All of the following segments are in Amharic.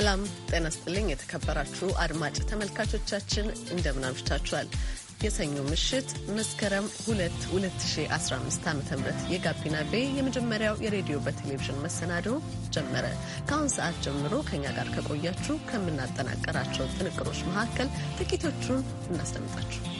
ሰላም ጤና ስጥልኝ። የተከበራችሁ አድማጭ ተመልካቾቻችን እንደምን አምሽታችኋል? የሰኞ ምሽት መስከረም 2 2015 ዓ ም የጋቢና ቤ የመጀመሪያው የሬዲዮ በቴሌቪዥን መሰናዶ ጀመረ። ከአሁን ሰዓት ጀምሮ ከእኛ ጋር ከቆያችሁ ከምናጠናቀራቸው ጥንቅሮች መካከል ጥቂቶቹን እናስደምጣችሁ።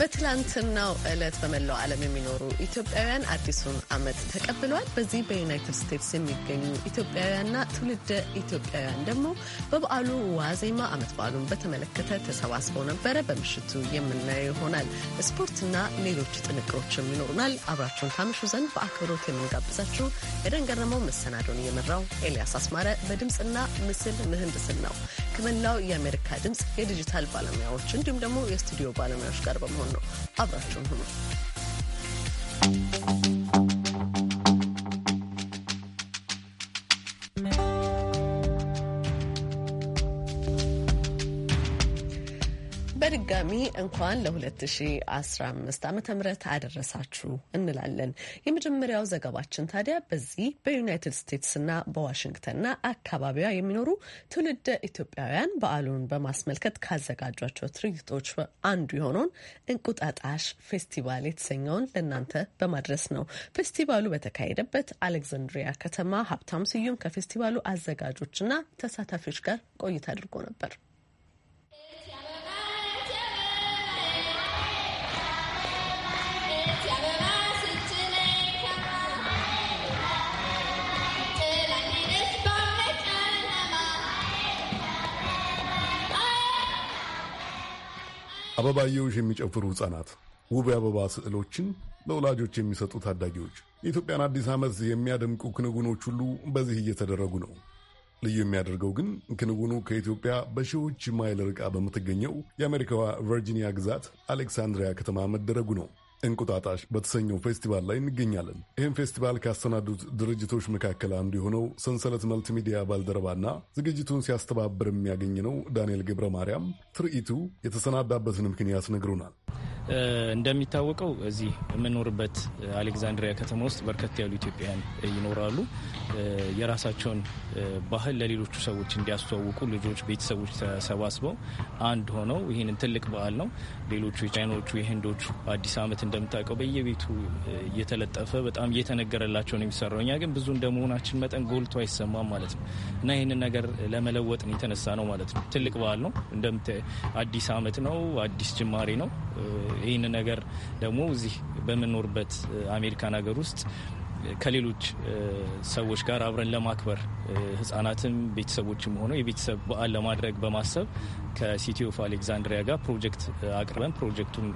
በትላንትናው ዕለት በመላው ዓለም የሚኖሩ ኢትዮጵያውያን አዲሱን ዓመት ተቀብለዋል። በዚህ በዩናይትድ ስቴትስ የሚገኙ ኢትዮጵያውያንና ትውልደ ኢትዮጵያውያን ደግሞ በበዓሉ ዋዜማ ዓመት በዓሉን በተመለከተ ተሰባስበው ነበረ። በምሽቱ የምናየው ይሆናል። ስፖርትና ሌሎች ጥንቅሮችም ይኖሩናል። አብራችሁን ታምሹ ዘንድ በአክብሮት የምንጋብዛችሁ የደን ገረመው፣ መሰናዶን እየመራው ኤልያስ አስማረ በድምፅና ምስል ምህንድስና ነው ከመላው የአሜሪካ ድምፅ የዲጂታል ባለሙያዎች እንዲሁም ደግሞ የስቱዲዮ ባለሙያዎች ጋር በመሆን don't know. በድጋሚ እንኳን ለ2015 ዓ ም አደረሳችሁ እንላለን። የመጀመሪያው ዘገባችን ታዲያ በዚህ በዩናይትድ ስቴትስና በዋሽንግተንና አካባቢዋ የሚኖሩ ትውልደ ኢትዮጵያውያን በዓሉን በማስመልከት ካዘጋጇቸው ትርኢቶች አንዱ የሆነውን እንቁጣጣሽ ፌስቲቫል የተሰኘውን ለእናንተ በማድረስ ነው። ፌስቲቫሉ በተካሄደበት አሌክዛንድሪያ ከተማ ሀብታም ስዩም ከፌስቲቫሉ አዘጋጆችና ተሳታፊዎች ጋር ቆይታ አድርጎ ነበር። አበባየውሽ የሚጨፍሩ ሕፃናት፣ ውብ የአበባ ስዕሎችን ለወላጆች የሚሰጡ ታዳጊዎች፣ የኢትዮጵያን አዲስ ዓመት የሚያደምቁ ክንውኖች ሁሉ በዚህ እየተደረጉ ነው። ልዩ የሚያደርገው ግን ክንውኑ ከኢትዮጵያ በሺዎች ማይል ርቃ በምትገኘው የአሜሪካዋ ቨርጂኒያ ግዛት አሌክሳንድሪያ ከተማ መደረጉ ነው። እንቁጣጣሽ በተሰኘው ፌስቲቫል ላይ እንገኛለን። ይህም ፌስቲቫል ካሰናዱት ድርጅቶች መካከል አንዱ የሆነው ሰንሰለት መልቲ ሚዲያ ባልደረባና ዝግጅቱን ሲያስተባብር የሚያገኝ ነው ዳንኤል ገብረ ማርያም ትርኢቱ የተሰናዳበትን ምክንያት ነግሩናል። እንደሚታወቀው እዚህ የምኖርበት አሌክዛንድሪያ ከተማ ውስጥ በርከት ያሉ ኢትዮጵያውያን ይኖራሉ። የራሳቸውን ባህል ለሌሎቹ ሰዎች እንዲያስተዋውቁ ልጆች፣ ቤተሰቦች ተሰባስበው አንድ ሆነው ይህንን ትልቅ በዓል ነው። ሌሎቹ የቻይናዎቹ፣ የህንዶቹ አዲስ ዓመት እንደምታውቀው በየቤቱ እየተለጠፈ በጣም እየተነገረላቸው ነው የሚሰራው። እኛ ግን ብዙ እንደመሆናችን መጠን ጎልቶ አይሰማም ማለት ነው እና ይህንን ነገር ለመለወጥ የተነሳ ነው ማለት ነው። ትልቅ በዓል ነው። አዲስ ዓመት ነው። አዲስ ጅማሬ ነው። ይህን ነገር ደግሞ እዚህ በምንኖርበት አሜሪካን ሀገር ውስጥ ከሌሎች ሰዎች ጋር አብረን ለማክበር ህጻናትም ቤተሰቦችም ሆነው የቤተሰብ በዓል ለማድረግ በማሰብ ከሲቲ ኦፍ አሌክዛንድሪያ ጋር ፕሮጀክት አቅርበን ፕሮጀክቱን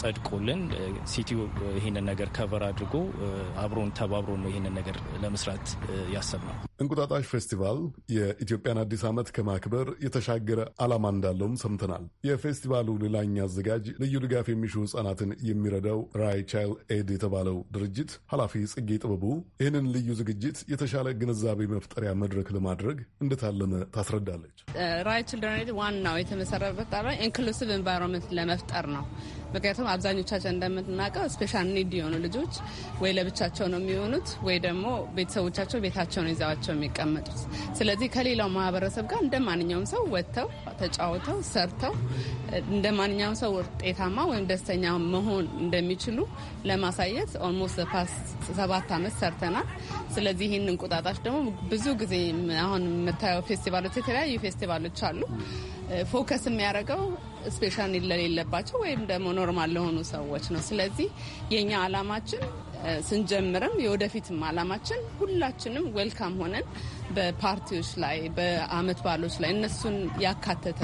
ጸድቆልን ሲቲ ይህንን ነገር ከቨር አድርጎ አብሮን ተባብሮን ነው ይህንን ነገር ለመስራት ያሰብነው። እንቁጣጣሽ ፌስቲቫል የኢትዮጵያን አዲስ ዓመት ከማክበር የተሻገረ ዓላማ እንዳለውም ሰምተናል። የፌስቲቫሉ ሌላኛ አዘጋጅ ልዩ ድጋፍ የሚሹ ህጻናትን የሚረዳው ራይ ቻይልድ ኤድ የተባለው ድርጅት ኃላፊ ጽጌ ጥበቡ ይህንን ልዩ ዝግጅት የተሻለ ግንዛቤ መፍጠሪያ መድረክ ለማድረግ እንደታለመ ታስረዳለች። ራይ ችልድረን ዋና ነው የተመሰረበት ኢንክሉሲቭ ኤንቫይሮንመንት ለመፍጠር ነው። ምክንያቱም አብዛኞቻችን እንደምናውቀው ስፔሻል ኒድ የሆኑ ልጆች ወይ ለብቻቸው ነው የሚሆኑት ወይ ደግሞ ቤተሰቦቻቸው ቤታቸው ነው ይዘዋቸው የሚቀመጡት። ስለዚህ ከሌላው ማህበረሰብ ጋር እንደ ማንኛውም ሰው ወጥተው ተጫውተው ሰርተው እንደ ማንኛውም ሰው ውጤታማ ወይም ደስተኛ መሆን እንደሚችሉ ለማሳየት ኦልሞስት ፓስት ሰባት ዓመት ሰርተናል። ስለዚህ ይህን እንቁጣጣሽ ደግሞ ብዙ ጊዜ አሁን የምታየው ፌስቲቫሎች የተለያዩ ፌስቲቫሎች አሉ። ፎከስ የሚያደርገው ስፔሻል ኒድ ለሌለባቸው ወይም ደግሞ ኖርማል ለሆኑ ሰዎች ነው። ስለዚህ የእኛ አላማችን ስንጀምርም የወደፊትም አላማችን ሁላችንም ዌልካም ሆነን በፓርቲዎች ላይ በአመት ባሎች ላይ እነሱን ያካተተ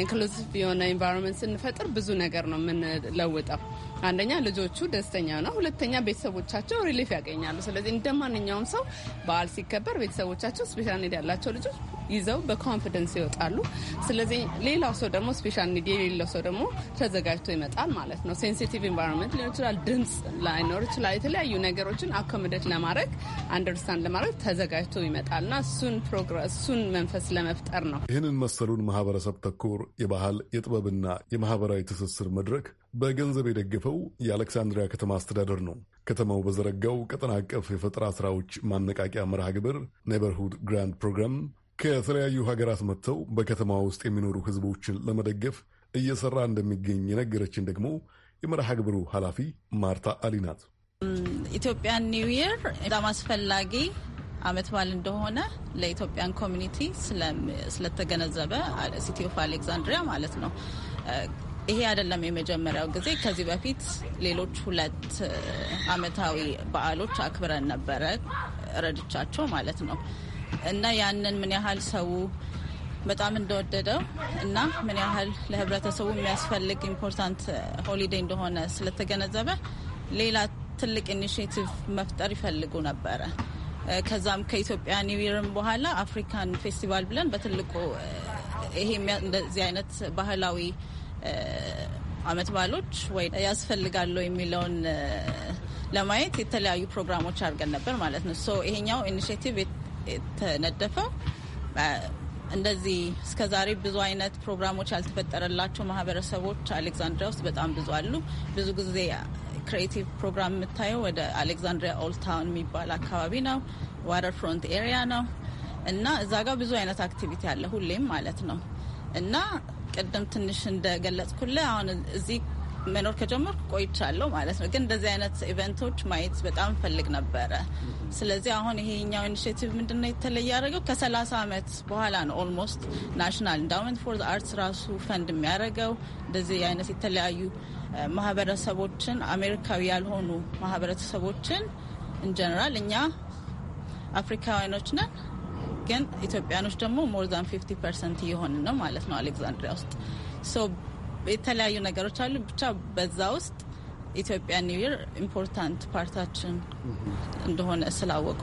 ኢንክሉሲቭ የሆነ ኢንቫይሮንመንት ስንፈጥር ብዙ ነገር ነው የምንለውጠው። አንደኛ ልጆቹ ደስተኛ ነው፣ ሁለተኛ ቤተሰቦቻቸው ሪሊፍ ያገኛሉ። ስለዚህ እንደ ማንኛውም ሰው በዓል ሲከበር ቤተሰቦቻቸው ስፔሻል ኔድ ያላቸው ልጆች ይዘው በኮንፊደንስ ይወጣሉ። ስለዚህ ሌላው ሰው ደግሞ ስፔሻል ኒድ የሌለው ሰው ደግሞ ተዘጋጅቶ ይመጣል ማለት ነው። ሴንሲቲቭ ኢንቫይሮንመንት ሊሆን ይችላል፣ ድምፅ ላይኖር ይችላል። የተለያዩ ነገሮችን አኮምደት ለማድረግ አንደርስታንድ ለማድረግ ተዘጋጅቶ ይመጣል እና እሱን ፕሮግረስ እሱን መንፈስ ለመፍጠር ነው። ይህንን መሰሉን ማህበረሰብ ተኮር የባህል የጥበብና የማህበራዊ ትስስር መድረክ በገንዘብ የደገፈው የአሌክሳንድሪያ ከተማ አስተዳደር ነው። ከተማው በዘረጋው ቀጠና አቀፍ የፈጠራ ስራዎች ማነቃቂያ መርሃ ግብር ኔበርሁድ ግራንድ ፕሮግራም ከተለያዩ ሀገራት መጥተው በከተማ ውስጥ የሚኖሩ ህዝቦችን ለመደገፍ እየሰራ እንደሚገኝ የነገረችን ደግሞ የመርሃ ግብሩ ኃላፊ ማርታ አሊ ናት። ኢትዮጵያን ኒው ይር በጣም አስፈላጊ አመት በዓል እንደሆነ ለኢትዮጵያን ኮሚኒቲ ስለተገነዘበ ሲቲ ኦፍ አሌክዛንድሪያ ማለት ነው። ይሄ አይደለም የመጀመሪያው ጊዜ። ከዚህ በፊት ሌሎች ሁለት አመታዊ በዓሎች አክብረን ነበረ ረድቻቸው ማለት ነው። እና ያንን ምን ያህል ሰው በጣም እንደወደደው እና ምን ያህል ለህብረተሰቡ የሚያስፈልግ ኢምፖርታንት ሆሊዴይ እንደሆነ ስለተገነዘበ ሌላ ትልቅ ኢኒሽቲቭ መፍጠር ይፈልጉ ነበረ። ከዛም ከኢትዮጵያ ኒው በኋላ አፍሪካን ፌስቲቫል ብለን በትልቁ ይሄ እንደዚህ አይነት ባህላዊ አመት ባሎች ወይ ያስፈልጋሉ የሚለውን ለማየት የተለያዩ ፕሮግራሞች አድርገን ነበር ማለት ነው። ሶ ይሄኛው ኢኒሽቲቭ የተነደፈው። እንደዚህ እስከዛሬ ብዙ አይነት ፕሮግራሞች ያልተፈጠረላቸው ማህበረሰቦች አሌክዛንድሪያ ውስጥ በጣም ብዙ አሉ። ብዙ ጊዜ ክሬቲቭ ፕሮግራም የምታየው ወደ አሌክዛንድሪያ ኦልታውን የሚባል አካባቢ ነው፣ ዋተር ፍሮንት ኤሪያ ነው እና እዛ ጋር ብዙ አይነት አክቲቪቲ አለ ሁሌም ማለት ነው እና ቅድም ትንሽ እንደገለጽኩልህ አሁን እዚህ መኖር ከጀመርኩ ቆይቻለሁ ማለት ነው። ግን እንደዚህ አይነት ኢቨንቶች ማየት በጣም ፈልግ ነበረ። ስለዚህ አሁን ይሄኛው ኢኒሽቲቭ ምንድነው የተለየ ያደረገው? ከሰላሳ ዓመት በኋላ ነው ኦልሞስት ናሽናል ኢንዳውመንት ፎር አርትስ ራሱ ፈንድ የሚያደርገው እንደዚህ አይነት የተለያዩ ማህበረሰቦችን አሜሪካዊ ያልሆኑ ማህበረሰቦችን እንጀነራል እኛ አፍሪካውያኖች ነን ግን ኢትዮጵያኖች ደግሞ ሞር ዛን ፊፍቲ ፐርሰንት እየሆንን ነው ማለት ነው አሌክዛንድሪያ ውስጥ የተለያዩ ነገሮች አሉ። ብቻ በዛ ውስጥ ኢትዮጵያ ኒው ይር ኢምፖርታንት ፓርታችን እንደሆነ ስላወቁ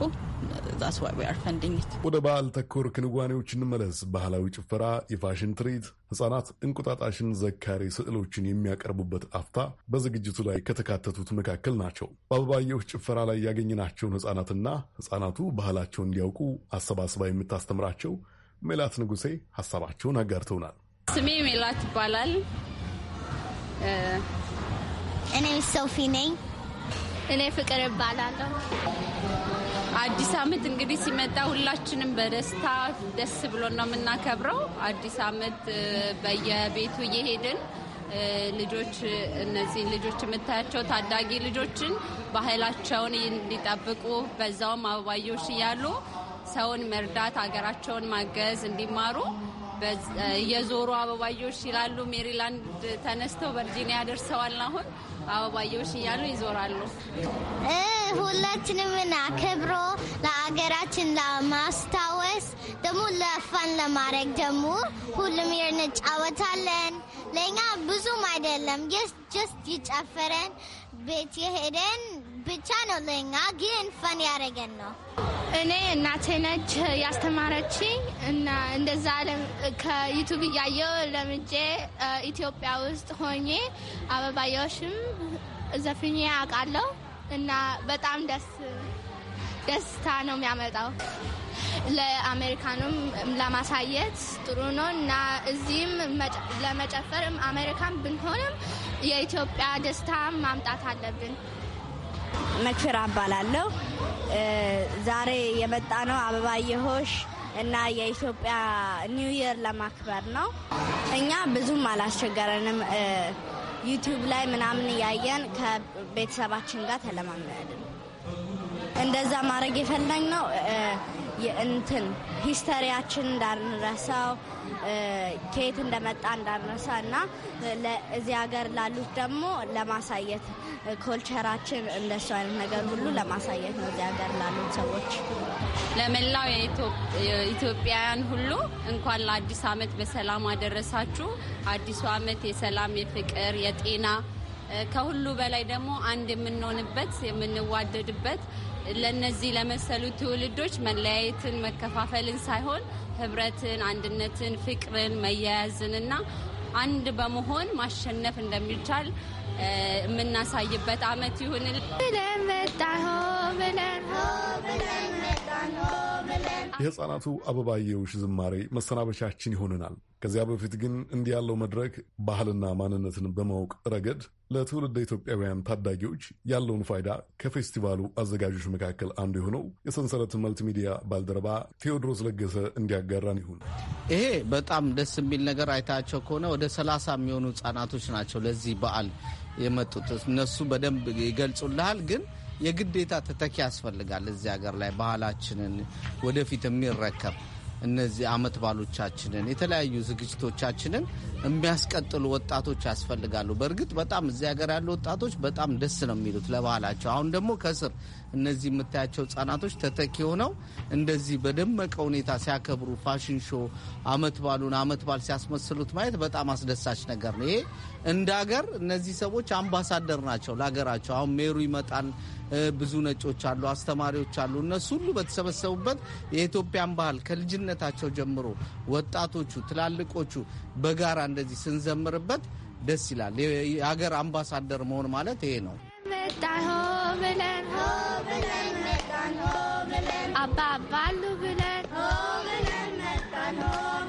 ወደ በዓል ተኮር ክንዋኔዎች እንመለስ። ባህላዊ ጭፈራ፣ የፋሽን ትርኢት፣ ህጻናት እንቁጣጣሽን ዘካሪ ስዕሎችን የሚያቀርቡበት አፍታ በዝግጅቱ ላይ ከተካተቱት መካከል ናቸው። በአበባየሁ ጭፈራ ላይ ያገኘናቸውን ህጻናትና ህጻናቱ ባህላቸውን እንዲያውቁ አሰባስባ የምታስተምራቸው ሜላት ንጉሴ ሀሳባቸውን አጋርተውናል። ስሜ ሜላት ይባላል። እኔ ሶፊ ነኝ። እኔ ፍቅር እባላለሁ። አዲስ አመት እንግዲህ ሲመጣ ሁላችንም በደስታ ደስ ብሎ ነው የምናከብረው። አዲስ አመት በየቤቱ እየሄድን ልጆች እነዚህን ልጆች የምታያቸው ታዳጊ ልጆችን ባህላቸውን እንዲጠብቁ በዛውም አበባዮሽ እያሉ ሰውን መርዳት፣ ሀገራቸውን ማገዝ እንዲማሩ የዞሩ አበባዮሽ ይላሉ። ሜሪላንድ ተነስተው ቨርጂኒያ ደርሰዋል። አሁን አበባዮሽ እያሉ ይዞራሉ። ሁላችንም አክብሮ ለአገራችን ለማስታወስ ደግሞ ለፋን ለማድረግ ደግሞ ሁሉም እንጫወታለን። ለእኛ ብዙም አይደለም ጀስት ይጨፈረን ቤት የሄደን ብቻ ነው ለእኛ ግን ፈን ያደረገን ነው። እኔ እናቴ ነች ያስተማረችኝ እና እንደዛ ከዩቱብ እያየው ለምጄ ኢትዮጵያ ውስጥ ሆኜ አበባዮሽም ዘፍኜ አውቃለሁ እና በጣም ደስ ደስታ ነው የሚያመጣው። ለአሜሪካኑም ለማሳየት ጥሩ ነው እና እዚህም ለመጨፈር አሜሪካን ብንሆንም የኢትዮጵያ ደስታ ማምጣት አለብን። መክፍራ አባላለሁ። ዛሬ የመጣ ነው አበባየሆሽ እና የኢትዮጵያ ኒው ይር ለማክበር ነው። እኛ ብዙም አላስቸገረንም። ዩቲዩብ ላይ ምናምን እያየን ከቤተሰባችን ጋር ተለማመድን። እንደዛ ማድረግ የፈለግ ነው የእንትን ሂስተሪያችን እንዳንረሳው ከየት እንደመጣ እንዳንረሳ እና እዚህ ሀገር ላሉት ደግሞ ለማሳየት ኮልቸራችን እንደሱ አይነት ነገር ሁሉ ለማሳየት ነው እዚህ ሀገር ላሉት ሰዎች። ለመላው ኢትዮጵያውያን ሁሉ እንኳን ለአዲስ ዓመት በሰላም አደረሳችሁ። አዲሱ ዓመት የሰላም፣ የፍቅር፣ የጤና ከሁሉ በላይ ደግሞ አንድ የምንሆንበት የምንዋደድበት ለነዚህ ለመሰሉ ትውልዶች መለያየትን፣ መከፋፈልን ሳይሆን ህብረትን፣ አንድነትን፣ ፍቅርን፣ መያያዝንና አንድ በመሆን ማሸነፍ እንደሚቻል የምናሳይበት አመት ይሁንል ብለን መጣን ብለን የሕፃናቱ አበባየውሽ ዝማሬ መሰናበቻችን ይሆነናል። ከዚያ በፊት ግን እንዲህ ያለው መድረክ ባህልና ማንነትን በማወቅ ረገድ ለትውልድ ኢትዮጵያውያን ታዳጊዎች ያለውን ፋይዳ ከፌስቲቫሉ አዘጋጆች መካከል አንዱ የሆነው የሰንሰለት መልቲሚዲያ ባልደረባ ቴዎድሮስ ለገሰ እንዲያጋራን ይሁን። ይሄ በጣም ደስ የሚል ነገር አይታቸው ከሆነ ወደ ሰላሳ የሚሆኑ ህጻናቶች ናቸው ለዚህ በዓል የመጡት። እነሱ በደንብ ይገልጹልሃል ግን የግዴታ ተተኪ ያስፈልጋል። እዚህ ሀገር ላይ ባህላችንን ወደፊት የሚረከብ እነዚህ አመት ባሎቻችንን የተለያዩ ዝግጅቶቻችንን የሚያስቀጥሉ ወጣቶች ያስፈልጋሉ። በእርግጥ በጣም እዚህ ሀገር ያሉ ወጣቶች በጣም ደስ ነው የሚሉት ለባህላቸው። አሁን ደግሞ ከስር እነዚህ የምታያቸው ህጻናቶች ተተኪ ሆነው እንደዚህ በደመቀ ሁኔታ ሲያከብሩ ፋሽን ሾ አመት ባሉን አመት ባል ሲያስመስሉት ማየት በጣም አስደሳች ነገር ነው። ይሄ እንደ ሀገር እነዚህ ሰዎች አምባሳደር ናቸው ለሀገራቸው። አሁን ሜሩ ይመጣል። ብዙ ነጮች አሉ፣ አስተማሪዎች አሉ። እነሱ ሁሉ በተሰበሰቡበት የኢትዮጵያን ባህል ከልጅነታቸው ጀምሮ ወጣቶቹ፣ ትላልቆቹ በጋራ እንደዚህ ስንዘምርበት ደስ ይላል። የሀገር አምባሳደር መሆን ማለት ይሄ ነው። ብለን አባ አባሉ ብለን ብለን መጣን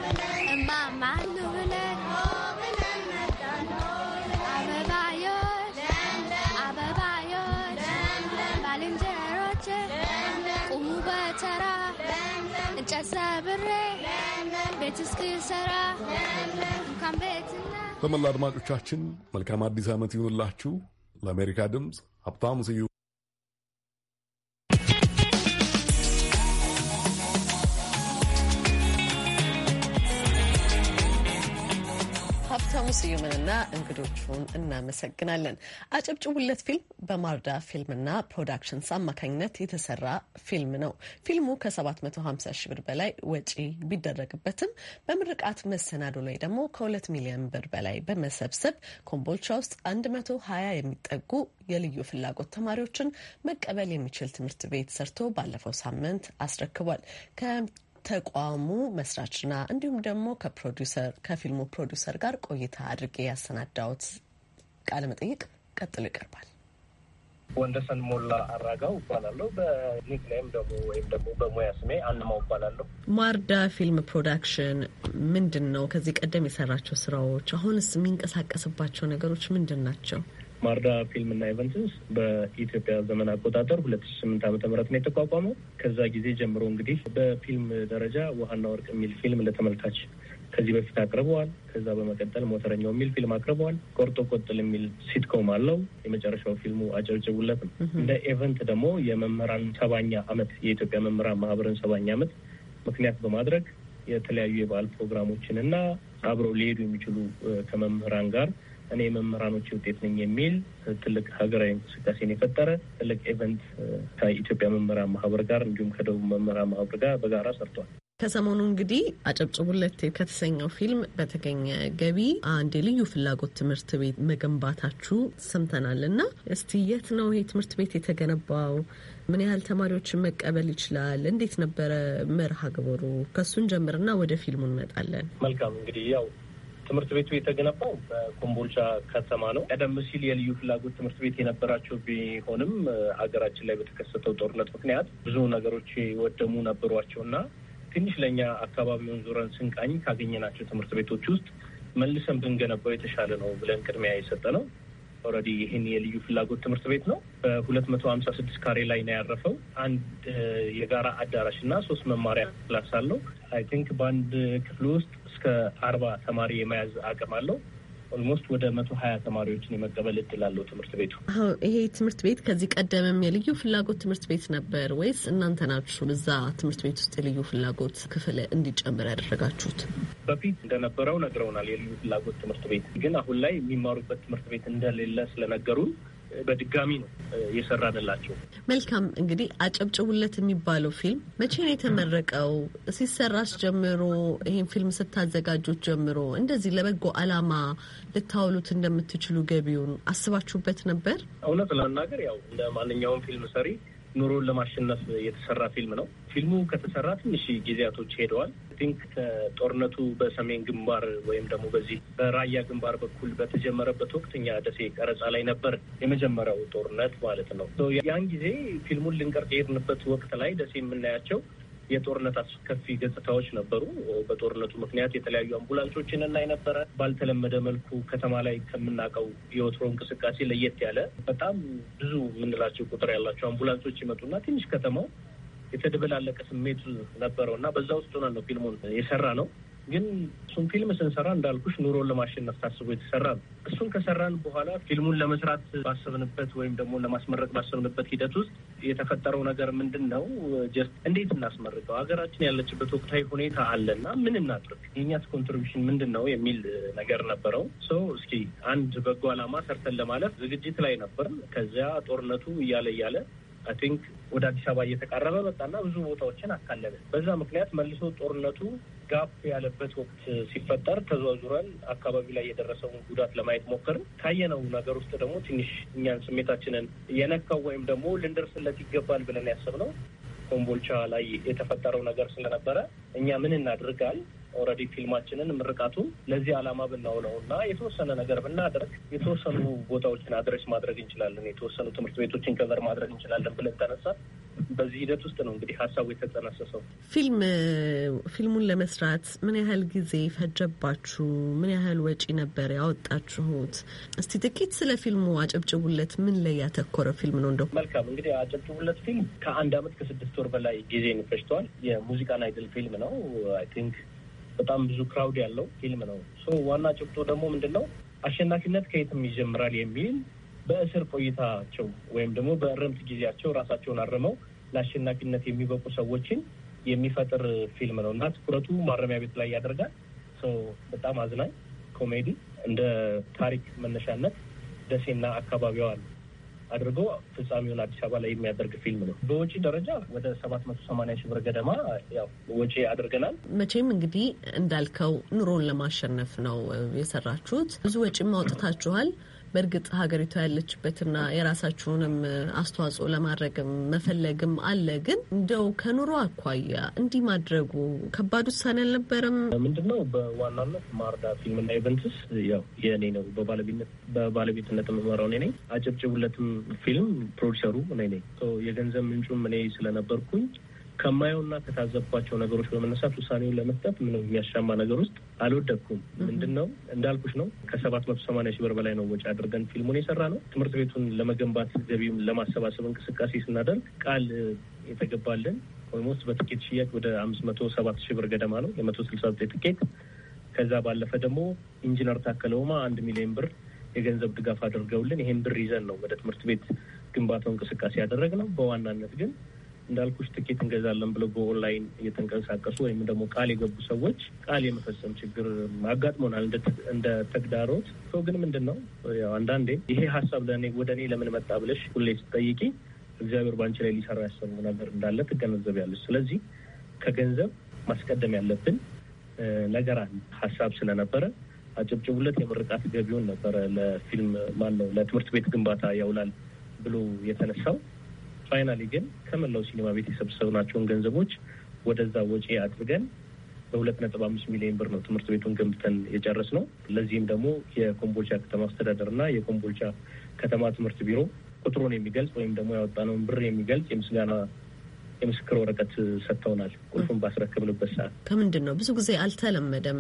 ብለን እማማ አሉ ብለን ብለን መጣን አበባዮች አበባዮች ባልንጀሮች ቁሙ በተራ እንጨት ሰብሬ ቤት እስክሰራ እንኳን ቤትና አድማጮቻችን መልካም አዲስ ዓመት ይሁንላችሁ። ለአሜሪካ ድምፅ ሀብታሙ ስዩ ስዩምንና እንግዶቹን እናመሰግናለን። አጨብጭቡለት ፊልም በማርዳ ፊልምና ፕሮዳክሽንስ አማካኝነት የተሰራ ፊልም ነው። ፊልሙ ከ750 ሺህ ብር በላይ ወጪ ቢደረግበትም በምርቃት መሰናዶ ላይ ደግሞ ከ2 ሚሊዮን ብር በላይ በመሰብሰብ ኮምቦልቻ ውስጥ 120 የሚጠጉ የልዩ ፍላጎት ተማሪዎችን መቀበል የሚችል ትምህርት ቤት ሰርቶ ባለፈው ሳምንት አስረክቧል። ተቋሙ መስራችና እንዲሁም ደግሞ ከፕሮዲሰር ከፊልሙ ፕሮዲሰር ጋር ቆይታ አድርጌ ቃለ ቃለመጠይቅ ቀጥሎ ይቀርባል። ወንደሰን ሞላ አራጋው እባላለሁ። በኒክኔም ደግሞ ወይም ደግሞ በሙያ ስሜ አንማው እባላለሁ። ማርዳ ፊልም ፕሮዳክሽን ምንድን ነው? ከዚህ ቀደም የሰራቸው ስራዎች፣ አሁንስ የሚንቀሳቀስባቸው ነገሮች ምንድን ናቸው? ማርዳ ፊልም እና ኢቨንትስ በኢትዮጵያ ዘመን አቆጣጠር ሁለት ሺ ስምንት ዓመተ ምህረት ነው የተቋቋመው። ከዛ ጊዜ ጀምሮ እንግዲህ በፊልም ደረጃ ውሃና ወርቅ የሚል ፊልም ለተመልካች ከዚህ በፊት አቅርበዋል። ከዛ በመቀጠል ሞተረኛው የሚል ፊልም አቅርበዋል። ቆርጦ ቆጥል የሚል ሲትኮም አለው። የመጨረሻው ፊልሙ አጨብጭቡለት ነው። እንደ ኤቨንት ደግሞ የመምህራን ሰባኛ ዓመት የኢትዮጵያ መምህራን ማህበርን ሰባኛ ዓመት ምክንያት በማድረግ የተለያዩ የበዓል ፕሮግራሞችን እና አብረው ሊሄዱ የሚችሉ ከመምህራን ጋር እኔ መምህራኖች ውጤት ነኝ የሚል ትልቅ ሀገራዊ እንቅስቃሴን የፈጠረ ትልቅ ኤቨንት ከኢትዮጵያ መምህራን ማህበር ጋር እንዲሁም ከደቡብ መምህራን ማህበር ጋር በጋራ ሰርቷል። ከሰሞኑ እንግዲህ አጨብጭቡለት ከተሰኘው ፊልም በተገኘ ገቢ አንድ የልዩ ፍላጎት ትምህርት ቤት መገንባታችሁ ሰምተናል እና እስቲ የት ነው ይህ ትምህርት ቤት የተገነባው? ምን ያህል ተማሪዎችን መቀበል ይችላል? እንዴት ነበረ መርሃ ግብሩ? ከሱን ጀምርና ወደ ፊልሙ እንመጣለን። መልካም እንግዲህ ያው ትምህርት ቤቱ የተገነባው በኮምቦልቻ ከተማ ነው። ቀደም ሲል የልዩ ፍላጎት ትምህርት ቤት የነበራቸው ቢሆንም ሀገራችን ላይ በተከሰተው ጦርነት ምክንያት ብዙ ነገሮች ወደሙ ነበሯቸው እና ትንሽ ለእኛ አካባቢውን ዙረን ስንቃኝ ካገኘናቸው ትምህርት ቤቶች ውስጥ መልሰን ብንገነባው የተሻለ ነው ብለን ቅድሚያ የሰጠ ነው። ኦልሬዲ ይህን የልዩ ፍላጎት ትምህርት ቤት ነው። በሁለት መቶ ሀምሳ ስድስት ካሬ ላይ ነው ያረፈው። አንድ የጋራ አዳራሽ እና ሶስት መማሪያ ክላስ አለው። አይ ቲንክ በአንድ ክፍል ውስጥ እስከ አርባ ተማሪ የመያዝ አቅም አለው። ኦልሞስት ወደ መቶ ሀያ ተማሪዎችን የመቀበል እድል አለው ትምህርት ቤቱ። ይሄ ትምህርት ቤት ከዚህ ቀደምም የልዩ ፍላጎት ትምህርት ቤት ነበር ወይስ እናንተ ናችሁ እዛ ትምህርት ቤት ውስጥ የልዩ ፍላጎት ክፍል እንዲጨምር ያደረጋችሁት? በፊት እንደነበረው ነግረውናል፣ የልዩ ፍላጎት ትምህርት ቤት ግን አሁን ላይ የሚማሩበት ትምህርት ቤት እንደሌለ ስለነገሩን በድጋሚ ነው የሰራንላቸው። መልካም እንግዲህ አጨብጭቡለት የሚባለው ፊልም መቼ ነው የተመረቀው? ሲሰራስ ጀምሮ ይህን ፊልም ስታዘጋጁት ጀምሮ እንደዚህ ለበጎ አላማ ልታውሉት እንደምትችሉ ገቢውን አስባችሁበት ነበር? እውነት ለመናገር ያው እንደ ማንኛውም ፊልም ሰሪ ኑሮን ለማሸነፍ የተሰራ ፊልም ነው። ፊልሙ ከተሰራ ትንሽ ጊዜያቶች ሄደዋል። ቲንክ ጦርነቱ በሰሜን ግንባር ወይም ደግሞ በዚህ በራያ ግንባር በኩል በተጀመረበት ወቅት እኛ ደሴ ቀረጻ ላይ ነበር የመጀመሪያው ጦርነት ማለት ነው። ያን ጊዜ ፊልሙን ልንቀርጽ የሄድንበት ወቅት ላይ ደሴ የምናያቸው የጦርነት አስከፊ ገጽታዎች ነበሩ። በጦርነቱ ምክንያት የተለያዩ አምቡላንሶችን እናይ ነበረ። ባልተለመደ መልኩ ከተማ ላይ ከምናውቀው የወትሮ እንቅስቃሴ ለየት ያለ በጣም ብዙ የምንላቸው ቁጥር ያላቸው አምቡላንሶች ይመጡና ትንሽ ከተማው የተደበላለቀ ስሜት ነበረው እና በዛ ውስጥ ሆነን ነው ፊልሙን የሰራ ነው። ግን እሱን ፊልም ስንሰራ እንዳልኩሽ ኑሮን ለማሸነፍ ታስቦ የተሰራ ነው። እሱን ከሰራን በኋላ ፊልሙን ለመስራት ባሰብንበት ወይም ደግሞ ለማስመረቅ ባሰብንበት ሂደት ውስጥ የተፈጠረው ነገር ምንድን ነው? ጀስት እንዴት እናስመርቀው፣ ሀገራችን ያለችበት ወቅታዊ ሁኔታ አለና ምን እናድርግ፣ የእኛስ ኮንትሪቢሽን ምንድን ነው የሚል ነገር ነበረው። ሰው እስኪ አንድ በጎ ዓላማ ሰርተን ለማለፍ ዝግጅት ላይ ነበር። ከዚያ ጦርነቱ እያለ እያለ አይ ቲንክ ወደ አዲስ አበባ እየተቃረበ መጣና ብዙ ቦታዎችን አካለለ። በዛ ምክንያት መልሶ ጦርነቱ ጋፕ ያለበት ወቅት ሲፈጠር ተዘዋዙረን አካባቢ ላይ የደረሰውን ጉዳት ለማየት ሞከርን። ካየነው ነገር ውስጥ ደግሞ ትንሽ እኛን ስሜታችንን የነካው ወይም ደግሞ ልንደርስለት ይገባል ብለን ያሰብነው ኮምቦልቻ ላይ የተፈጠረው ነገር ስለነበረ እኛ ምን እናድርጋል ኦልሬዲ ፊልማችንን ምርቃቱ ለዚህ ዓላማ ብናውለው እና የተወሰነ ነገር ብናደርግ የተወሰኑ ቦታዎችን አድረስ ማድረግ እንችላለን፣ የተወሰኑ ትምህርት ቤቶችን ከበር ማድረግ እንችላለን ብለን ተነሳ። በዚህ ሂደት ውስጥ ነው እንግዲህ ሀሳቡ የተጠነሰሰው። ፊልም ፊልሙን ለመስራት ምን ያህል ጊዜ ፈጀባችሁ? ምን ያህል ወጪ ነበር ያወጣችሁት? እስቲ ጥቂት ስለ ፊልሙ አጨብጭቡለት። ምን ላይ ያተኮረ ፊልም ነው? እንደው መልካም እንግዲህ አጨብጭቡለት ፊልም ከአንድ አመት ከስድስት ወር በላይ ጊዜ ፈጅቷል። የሙዚቃን አይድል ፊልም ነው አይ ቲንክ በጣም ብዙ ክራውድ ያለው ፊልም ነው። ሶ ዋና ጭብጦ ደግሞ ምንድን ነው አሸናፊነት ከየትም ይጀምራል የሚል በእስር ቆይታቸው ወይም ደግሞ በእርምት ጊዜያቸው ራሳቸውን አርመው ለአሸናፊነት የሚበቁ ሰዎችን የሚፈጥር ፊልም ነው እና ትኩረቱ ማረሚያ ቤት ላይ ያደርጋል። ሰው በጣም አዝናኝ ኮሜዲ እንደ ታሪክ መነሻነት ደሴና አካባቢዋ አድርጎ ፍጻሜውን አዲስ አበባ ላይ የሚያደርግ ፊልም ነው። በወጪ ደረጃ ወደ ሰባት መቶ ሰማንያ ሺህ ብር ገደማ ያው ወጪ አድርገናል። መቼም እንግዲህ እንዳልከው ኑሮን ለማሸነፍ ነው የሰራችሁት። ብዙ ወጪም አውጥታችኋል። በእርግጥ ሀገሪቷ ያለችበትና የራሳችሁንም አስተዋጽኦ ለማድረግም መፈለግም አለ። ግን እንደው ከኑሮ አኳያ እንዲህ ማድረጉ ከባድ ውሳኔ አልነበረም? ምንድነው በዋናነት ማርዳ ፊልምና ኢቨንትስ ያው የእኔ ነው፣ በባለቤትነት የምመራው እኔ ነኝ። አጨብጭቡለትም ፊልም ፕሮዲሰሩ እኔ ነኝ። የገንዘብ ምንጩም እኔ ስለነበርኩኝ ከማየውና ከታዘብኳቸው ነገሮች በመነሳት ውሳኔውን ለመስጠት ምንም የሚያሻማ ነገር ውስጥ አልወደኩም። ምንድን ነው እንዳልኩሽ ነው ከሰባት መቶ ሰማኒያ ሺህ ብር በላይ ነው ወጪ አድርገን ፊልሙን የሰራ ነው። ትምህርት ቤቱን ለመገንባት ገቢም ለማሰባሰብ እንቅስቃሴ ስናደርግ ቃል የተገባልን ኦልሞስት በትኬት ሽያጭ ወደ አምስት መቶ ሰባት ሺህ ብር ገደማ ነው የመቶ ስልሳ ዘጠኝ ትኬት። ከዛ ባለፈ ደግሞ ኢንጂነር ታከለውማ አንድ ሚሊዮን ብር የገንዘብ ድጋፍ አድርገውልን ይሄን ብር ይዘን ነው ወደ ትምህርት ቤት ግንባታው እንቅስቃሴ ያደረግ ነው። በዋናነት ግን እንዳልኩሽ ትኬት እንገዛለን ብለው በኦንላይን እየተንቀሳቀሱ ወይም ደግሞ ቃል የገቡ ሰዎች ቃል የመፈጸም ችግር አጋጥሞናል እንደ ተግዳሮት። ሰው ግን ምንድን ነው ያው አንዳንዴ ይሄ ሀሳብ ወደ እኔ ለምን መጣ ብለሽ ሁሌ ስትጠይቂ እግዚአብሔር ባንቺ ላይ ሊሰራ ያሰሙ ነገር እንዳለ ትገነዘቢያለሽ። ስለዚህ ከገንዘብ ማስቀደም ያለብን ነገር ሀሳብ ስለነበረ አጨብጭቡለት የምርቃት ገቢውን ነበረ ለፊልም ማን ነው ለትምህርት ቤት ግንባታ ያውላል ብሎ የተነሳው ፋይናሊ ግን ከመላው ሲኒማ ቤት የሰበሰብናቸውን ገንዘቦች ወደዛ ወጪ አድርገን በሁለት ነጥብ አምስት ሚሊዮን ብር ነው ትምህርት ቤቱን ገንብተን የጨረስ ነው። ለዚህም ደግሞ የኮምቦልቻ ከተማ አስተዳደር እና የኮምቦልቻ ከተማ ትምህርት ቢሮ ቁጥሩን የሚገልጽ ወይም ደግሞ ያወጣነውን ብር የሚገልጽ የምስጋና የምስክር ወረቀት ሰጥተውናል። ቁልፉን ባስረክብንበት ሰዓት ከምንድን ነው ብዙ ጊዜ አልተለመደም።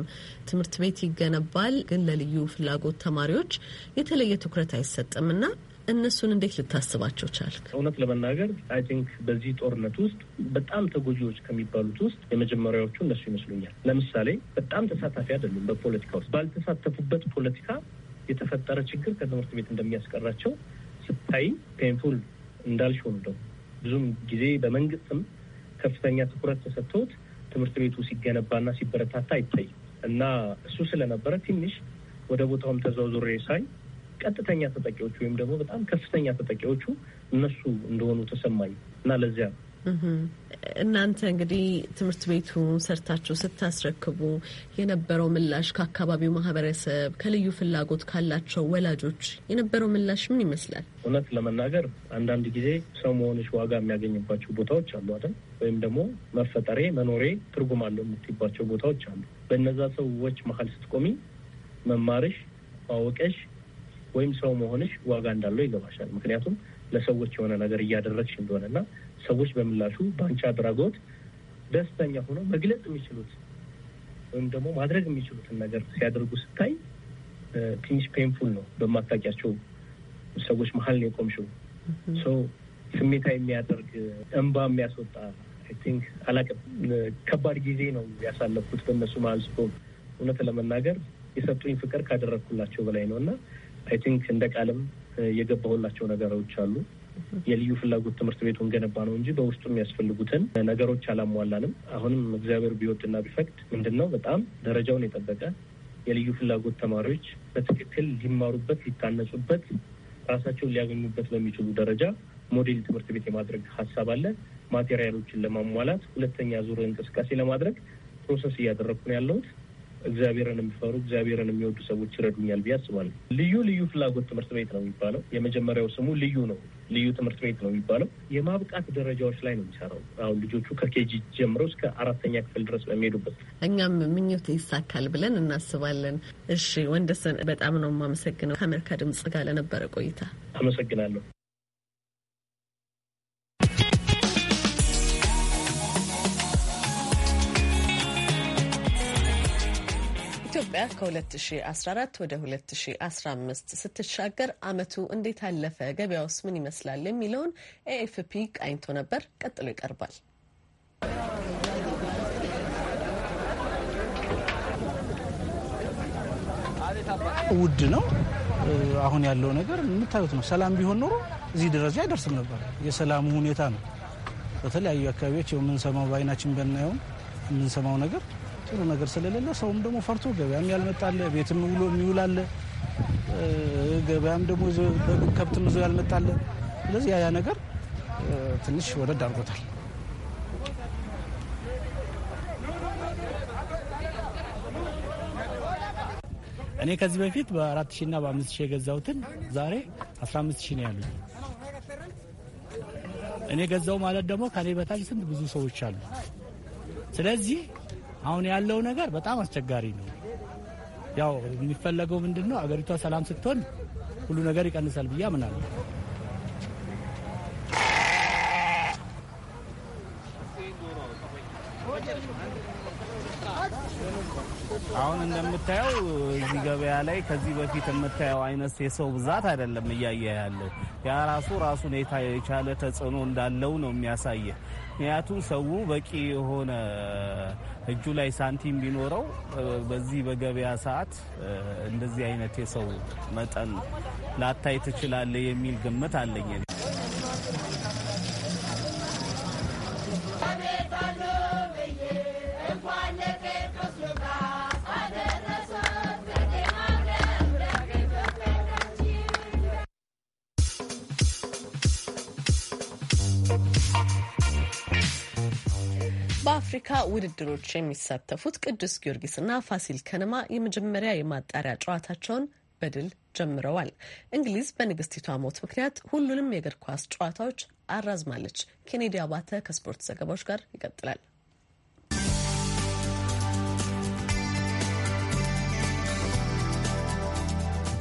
ትምህርት ቤት ይገነባል፣ ግን ለልዩ ፍላጎት ተማሪዎች የተለየ ትኩረት አይሰጥም እና እነሱን እንዴት ልታስባቸው ቻልክ? እውነት ለመናገር አይ ቲንክ በዚህ ጦርነት ውስጥ በጣም ተጎጂዎች ከሚባሉት ውስጥ የመጀመሪያዎቹ እነሱ ይመስሉኛል። ለምሳሌ በጣም ተሳታፊ አይደሉም በፖለቲካ ውስጥ ባልተሳተፉበት ፖለቲካ የተፈጠረ ችግር ከትምህርት ቤት እንደሚያስቀራቸው ስታይ ፔንፉል እንዳልሽው ነው። ብዙም ጊዜ በመንግስትም ከፍተኛ ትኩረት ተሰጥቶት ትምህርት ቤቱ ሲገነባና ሲበረታታ አይታይም እና እሱ ስለነበረ ትንሽ ወደ ቦታውም ተዘዋውሬ ሳይ ቀጥተኛ ተጠቂዎቹ ወይም ደግሞ በጣም ከፍተኛ ተጠቂዎቹ እነሱ እንደሆኑ ተሰማኝ እና ለዚያ ነው እናንተ እንግዲህ ትምህርት ቤቱ ሰርታችሁ ስታስረክቡ የነበረው ምላሽ ከአካባቢው ማህበረሰብ፣ ከልዩ ፍላጎት ካላቸው ወላጆች የነበረው ምላሽ ምን ይመስላል? እውነት ለመናገር አንዳንድ ጊዜ ሰው መሆንሽ ዋጋ የሚያገኝባቸው ቦታዎች አሉ አይደል? ወይም ደግሞ መፈጠሬ መኖሬ ትርጉም አለው የምትይባቸው ቦታዎች አሉ። በእነዛ ሰዎች መሀል ስትቆሚ መማርሽ ማወቀሽ ወይም ሰው መሆንሽ ዋጋ እንዳለው ይገባሻል። ምክንያቱም ለሰዎች የሆነ ነገር እያደረግሽ እና ሰዎች በምላሹ በአንቺ አድራጎት ደስተኛ ሆኖ መግለጽ የሚችሉት ወይም ደግሞ ማድረግ የሚችሉትን ነገር ሲያደርጉ ስታይ ትንሽ ፔንፉል ነው። በማታውቂያቸው ሰዎች መሀል ነው የቆምሽው። ሰው ስሜታ የሚያደርግ እንባ የሚያስወጣ አይ ቲንክ አላውቅም፣ ከባድ ጊዜ ነው ያሳለፍኩት በእነሱ መሀል ስቆም። እውነት ለመናገር የሰጡኝ ፍቅር ካደረግኩላቸው በላይ ነው እና አይ ቲንክ እንደ ቃልም የገባሁላቸው ነገሮች አሉ። የልዩ ፍላጎት ትምህርት ቤቱን ገነባ ነው እንጂ በውስጡ የሚያስፈልጉትን ነገሮች አላሟላንም። አሁንም እግዚአብሔር ቢወድና ቢፈቅድ ምንድን ነው በጣም ደረጃውን የጠበቀ የልዩ ፍላጎት ተማሪዎች በትክክል ሊማሩበት፣ ሊታነጹበት፣ ራሳቸውን ሊያገኙበት በሚችሉ ደረጃ ሞዴል ትምህርት ቤት የማድረግ ሀሳብ አለ። ማቴሪያሎችን ለማሟላት ሁለተኛ ዙር እንቅስቃሴ ለማድረግ ፕሮሰስ እያደረግኩ ነው ያለሁት። እግዚአብሔርን የሚፈሩ እግዚአብሔርን የሚወዱ ሰዎች ይረዱኛል ብዬ አስባለሁ። ልዩ ልዩ ፍላጎት ትምህርት ቤት ነው የሚባለው። የመጀመሪያው ስሙ ልዩ ነው፣ ልዩ ትምህርት ቤት ነው የሚባለው። የማብቃት ደረጃዎች ላይ ነው የሚሰራው። አሁን ልጆቹ ከኬጂ ጀምሮ እስከ አራተኛ ክፍል ድረስ በሚሄዱበት እኛም ምኞት ይሳካል ብለን እናስባለን። እሺ ወንደሰን፣ በጣም ነው የማመሰግነው ከአሜሪካ ድምጽ ጋር ለነበረ ቆይታ አመሰግናለሁ። ኢትዮጵያ ከ2014 ወደ 2015 ስትሻገር አመቱ እንዴት አለፈ፣ ገበያውስ ምን ይመስላል የሚለውን ኤኤፍፒ ቃኝቶ ነበር። ቀጥሎ ይቀርባል። ውድ ነው። አሁን ያለው ነገር የምታዩት ነው። ሰላም ቢሆን ኖሮ እዚህ ደረጃ አይደርስም ነበር። የሰላሙ ሁኔታ ነው። በተለያዩ አካባቢዎች የምንሰማው በአይናችን በናየውም የምንሰማው ነገር ጥሩ ነገር ስለሌለ ሰውም ደግሞ ፈርቶ ገበያም ያልመጣለ ቤትም ውሎ የሚውላለ ገበያም ደግሞ ከብትም ይዞ ያልመጣለ። ስለዚህ ያ ነገር ትንሽ ወደድ አድርጎታል። እኔ ከዚህ በፊት በአራት 4 እና በአምስት ሺ የገዛሁትን ዛሬ አስራ አምስት ነው ያሉ። እኔ ገዛው ማለት ደግሞ ከኔ በታች ስንት ብዙ ሰዎች አሉ። ስለዚህ አሁን ያለው ነገር በጣም አስቸጋሪ ነው። ያው የሚፈለገው ምንድን ነው? አገሪቷ ሰላም ስትሆን ሁሉ ነገር ይቀንሳል ብዬ አምናለሁ። አሁን እንደምታየው እዚህ ገበያ ላይ ከዚህ በፊት የምታየው አይነት የሰው ብዛት አይደለም እያየ ያለው። ያ ራሱ ራሱን የቻለ ተጽዕኖ እንዳለው ነው የሚያሳየ። ምክንያቱም ሰው በቂ የሆነ እጁ ላይ ሳንቲም ቢኖረው በዚህ በገበያ ሰዓት እንደዚህ አይነት የሰው መጠን ላታይ ትችላለ የሚል ግምት አለኝ። አፍሪካ ውድድሮች የሚሳተፉት ቅዱስ ጊዮርጊስና ፋሲል ከነማ የመጀመሪያ የማጣሪያ ጨዋታቸውን በድል ጀምረዋል። እንግሊዝ በንግስቲቷ ሞት ምክንያት ሁሉንም የእግር ኳስ ጨዋታዎች አራዝማለች። ኬኔዲ አባተ ከስፖርት ዘገባዎች ጋር ይቀጥላል።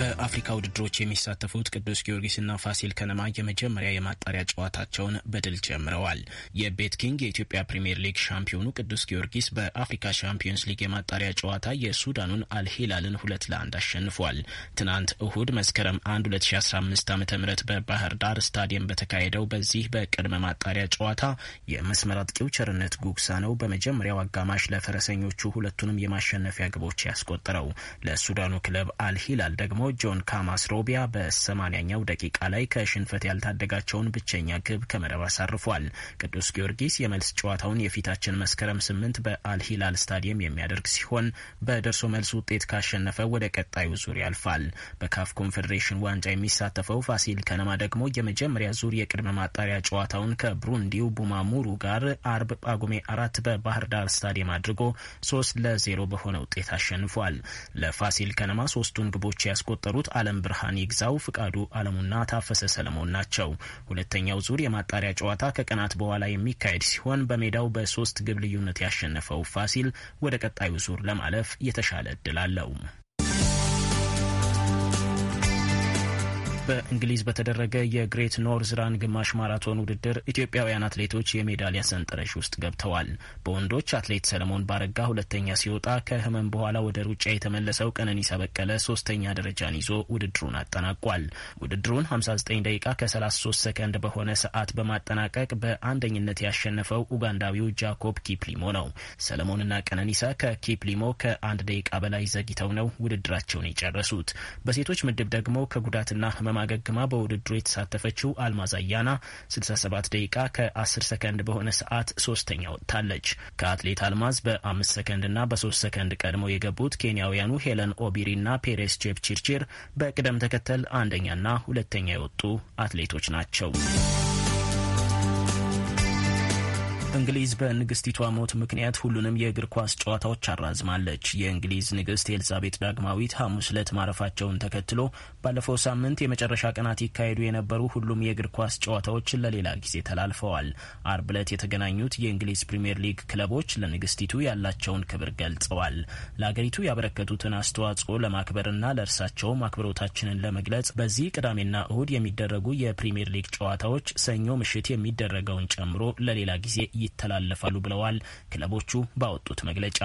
በአፍሪካ ውድድሮች የሚሳተፉት ቅዱስ ጊዮርጊስና ፋሲል ከነማ የመጀመሪያ የማጣሪያ ጨዋታቸውን በድል ጀምረዋል። የቤት ኪንግ የኢትዮጵያ ፕሪምየር ሊግ ሻምፒዮኑ ቅዱስ ጊዮርጊስ በአፍሪካ ሻምፒዮንስ ሊግ የማጣሪያ ጨዋታ የሱዳኑን አልሂላልን ሁለት ለአንድ አሸንፏል። ትናንት እሁድ መስከረም 1 2015 ዓ ም በባህር ዳር ስታዲየም በተካሄደው በዚህ በቅድመ ማጣሪያ ጨዋታ የመስመር አጥቂው ቸርነት ጉግሳ ነው በመጀመሪያው አጋማሽ ለፈረሰኞቹ ሁለቱንም የማሸነፊያ ግቦች ያስቆጠረው። ለሱዳኑ ክለብ አልሂላል ደግሞ ጆን ካማስ ሮቢያ በሰማንያኛው ደቂቃ ላይ ከሽንፈት ያልታደጋቸውን ብቸኛ ግብ ከመረብ አሳርፏል። ቅዱስ ጊዮርጊስ የመልስ ጨዋታውን የፊታችን መስከረም ስምንት በአልሂላል ስታዲየም የሚያደርግ ሲሆን በደርሶ መልስ ውጤት ካሸነፈ ወደ ቀጣዩ ዙር ያልፋል። በካፍ ኮንፌዴሬሽን ዋንጫ የሚሳተፈው ፋሲል ከነማ ደግሞ የመጀመሪያ ዙር የቅድመ ማጣሪያ ጨዋታውን ከብሩንዲው ቡማሙሩ ጋር አርብ ጳጉሜ አራት በባህር ዳር ስታዲየም አድርጎ ሶስት ለዜሮ በሆነ ውጤት አሸንፏል። ለፋሲል ከነማ ሶስቱን ግቦች ያስቆ የተቆጠሩት አለም ብርሃን ይግዛው፣ ፍቃዱ አለሙና ታፈሰ ሰለሞን ናቸው። ሁለተኛው ዙር የማጣሪያ ጨዋታ ከቀናት በኋላ የሚካሄድ ሲሆን በሜዳው በሶስት ግብ ልዩነት ያሸነፈው ፋሲል ወደ ቀጣዩ ዙር ለማለፍ የተሻለ እድል አለው። በእንግሊዝ በተደረገ የግሬት ኖርዝ ራን ግማሽ ማራቶን ውድድር ኢትዮጵያውያን አትሌቶች የሜዳሊያ ሰንጠረዥ ውስጥ ገብተዋል። በወንዶች አትሌት ሰለሞን ባረጋ ሁለተኛ ሲወጣ ከህመም በኋላ ወደ ሩጫ የተመለሰው ቀነኒሳ በቀለ ሶስተኛ ደረጃን ይዞ ውድድሩን አጠናቋል። ውድድሩን 59 ደቂቃ ከ33 ሰከንድ በሆነ ሰዓት በማጠናቀቅ በአንደኝነት ያሸነፈው ኡጋንዳዊው ጃኮብ ኪፕሊሞ ነው። ሰለሞንና ቀነኒሳ ከኪፕሊሞ ከአንድ ደቂቃ በላይ ዘግይተው ነው ውድድራቸውን የጨረሱት። በሴቶች ምድብ ደግሞ ከጉዳትና ህመማ በህመም ገግማ በውድድሩ የተሳተፈችው አልማዝ አያና 67 ደቂቃ ከ10 ሰከንድ በሆነ ሰዓት ሶስተኛ ወጥታለች። ከአትሌት አልማዝ በ5 ሰከንድና በ3 ሰከንድ ቀድመው የገቡት ኬንያውያኑ ሄለን ኦቢሪና ፔሬስ ጄፕቺርቺር በቅደም ተከተል አንደኛና ሁለተኛ የወጡ አትሌቶች ናቸው። እንግሊዝ በንግስቲቷ ሞት ምክንያት ሁሉንም የእግር ኳስ ጨዋታዎች አራዝማለች። የእንግሊዝ ንግስት ኤልዛቤት ዳግማዊት ሐሙስ ዕለት ማረፋቸውን ተከትሎ ባለፈው ሳምንት የመጨረሻ ቀናት ይካሄዱ የነበሩ ሁሉም የእግር ኳስ ጨዋታዎች ለሌላ ጊዜ ተላልፈዋል። አርብ ዕለት የተገናኙት የእንግሊዝ ፕሪምየር ሊግ ክለቦች ለንግስቲቱ ያላቸውን ክብር ገልጸዋል። ለአገሪቱ ያበረከቱትን አስተዋጽኦ ለማክበርና ለእርሳቸው አክብሮታችንን ለመግለጽ በዚህ ቅዳሜና እሁድ የሚደረጉ የፕሪምየር ሊግ ጨዋታዎች ሰኞ ምሽት የሚደረገውን ጨምሮ ለሌላ ጊዜ ይተላለፋሉ ብለዋል ክለቦቹ ባወጡት መግለጫ።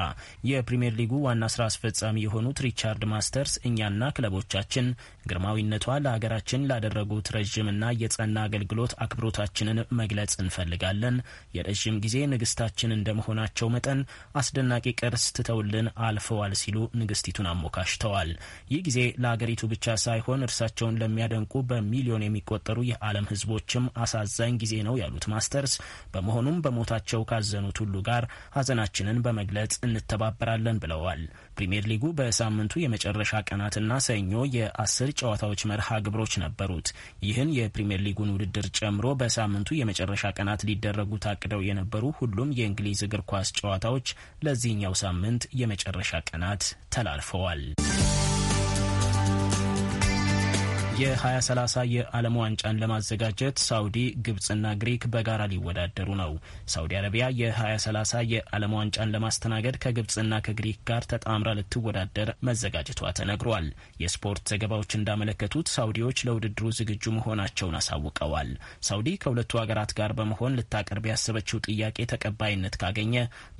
የፕሪምየር ሊጉ ዋና ስራ አስፈጻሚ የሆኑት ሪቻርድ ማስተርስ እኛና ክለቦቻችን ግርማዊነቷ ለሀገራችን ላደረጉት ረዥምና የጸና አገልግሎት አክብሮታችንን መግለጽ እንፈልጋለን። የረዥም ጊዜ ንግስታችን እንደመሆናቸው መጠን አስደናቂ ቅርስ ትተውልን አልፈዋል ሲሉ ንግስቲቱን አሞካሽተዋል። ይህ ጊዜ ለሀገሪቱ ብቻ ሳይሆን እርሳቸውን ለሚያደንቁ በሚሊዮን የሚቆጠሩ የዓለም ህዝቦችም አሳዛኝ ጊዜ ነው ያሉት ማስተርስ በመሆኑም በሞ በመሞታቸው ካዘኑት ሁሉ ጋር ሐዘናችንን በመግለጽ እንተባበራለን ብለዋል። ፕሪምየር ሊጉ በሳምንቱ የመጨረሻ ቀናትና ሰኞ የአስር ጨዋታዎች መርሃ ግብሮች ነበሩት። ይህን የፕሪምየር ሊጉን ውድድር ጨምሮ በሳምንቱ የመጨረሻ ቀናት ሊደረጉ ታቅደው የነበሩ ሁሉም የእንግሊዝ እግር ኳስ ጨዋታዎች ለዚህኛው ሳምንት የመጨረሻ ቀናት ተላልፈዋል። የ2030 የዓለም ዋንጫን ለማዘጋጀት ሳውዲ፣ ግብፅና ግሪክ በጋራ ሊወዳደሩ ነው። ሳውዲ አረቢያ የ2030 የዓለም ዋንጫን ለማስተናገድ ከግብፅና ከግሪክ ጋር ተጣምራ ልትወዳደር መዘጋጀቷ ተነግሯል። የስፖርት ዘገባዎች እንዳመለከቱት ሳውዲዎች ለውድድሩ ዝግጁ መሆናቸውን አሳውቀዋል። ሳውዲ ከሁለቱ ሀገራት ጋር በመሆን ልታቀርብ ያሰበችው ጥያቄ ተቀባይነት ካገኘ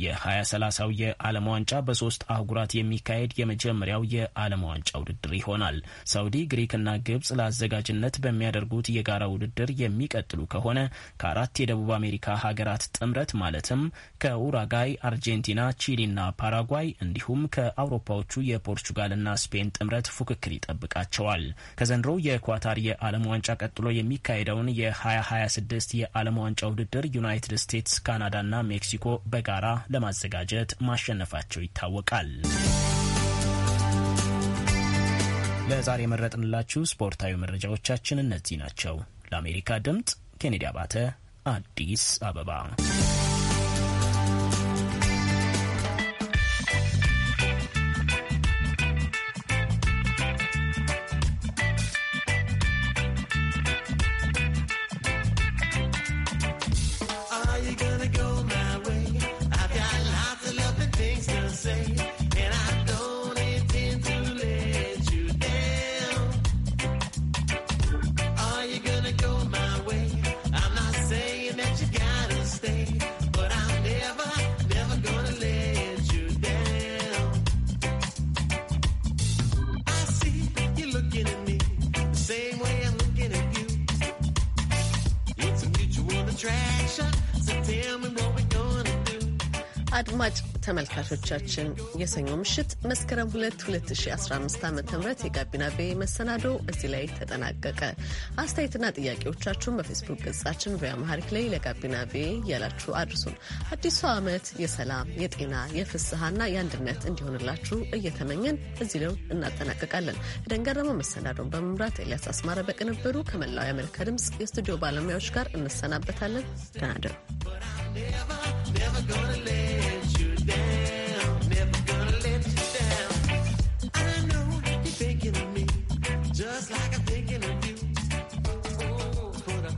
የ2030ው የዓለም ዋንጫ በሶስት አህጉራት የሚካሄድ የመጀመሪያው የዓለም ዋንጫ ውድድር ይሆናል። ሳውዲ፣ ግሪክና ግብ ግብጽ ለአዘጋጅነት በሚያደርጉት የጋራ ውድድር የሚቀጥሉ ከሆነ ከአራት የደቡብ አሜሪካ ሀገራት ጥምረት ማለትም ከኡራጋይ፣ አርጀንቲና፣ ቺሊና ፓራጓይ እንዲሁም ከአውሮፓዎቹ የፖርቹጋልና ስፔን ጥምረት ፉክክር ይጠብቃቸዋል። ከዘንድሮ የኳታር የዓለም ዋንጫ ቀጥሎ የሚካሄደውን የ2026 የዓለም ዋንጫ ውድድር ዩናይትድ ስቴትስ፣ ካናዳና ሜክሲኮ በጋራ ለማዘጋጀት ማሸነፋቸው ይታወቃል። ለዛሬ የመረጥንላችሁ ስፖርታዊ መረጃዎቻችን እነዚህ ናቸው። ለአሜሪካ ድምፅ ኬኔዲ አባተ አዲስ አበባ አድማጭ ተመልካቾቻችን የሰኞ ምሽት መስከረም 2 2015 ዓ ም የጋቢና ቤ መሰናዶ እዚህ ላይ ተጠናቀቀ። አስተያየትና ጥያቄዎቻችሁን በፌስቡክ ገጻችን በያማሪክ ላይ ለጋቢና ቤ እያላችሁ አድርሱን። አዲሱ ዓመት የሰላም የጤና የፍስሐና የአንድነት እንዲሆንላችሁ እየተመኘን እዚህ ላይ እናጠናቀቃለን። ደንገረመው መሰናዶን በመምራት ኤልያስ አስማረ በቅንብሩ ከመላው የአሜሪካ ድምፅ የስቱዲዮ ባለሙያዎች ጋር እንሰናበታለን። ደህና Never, never gonna let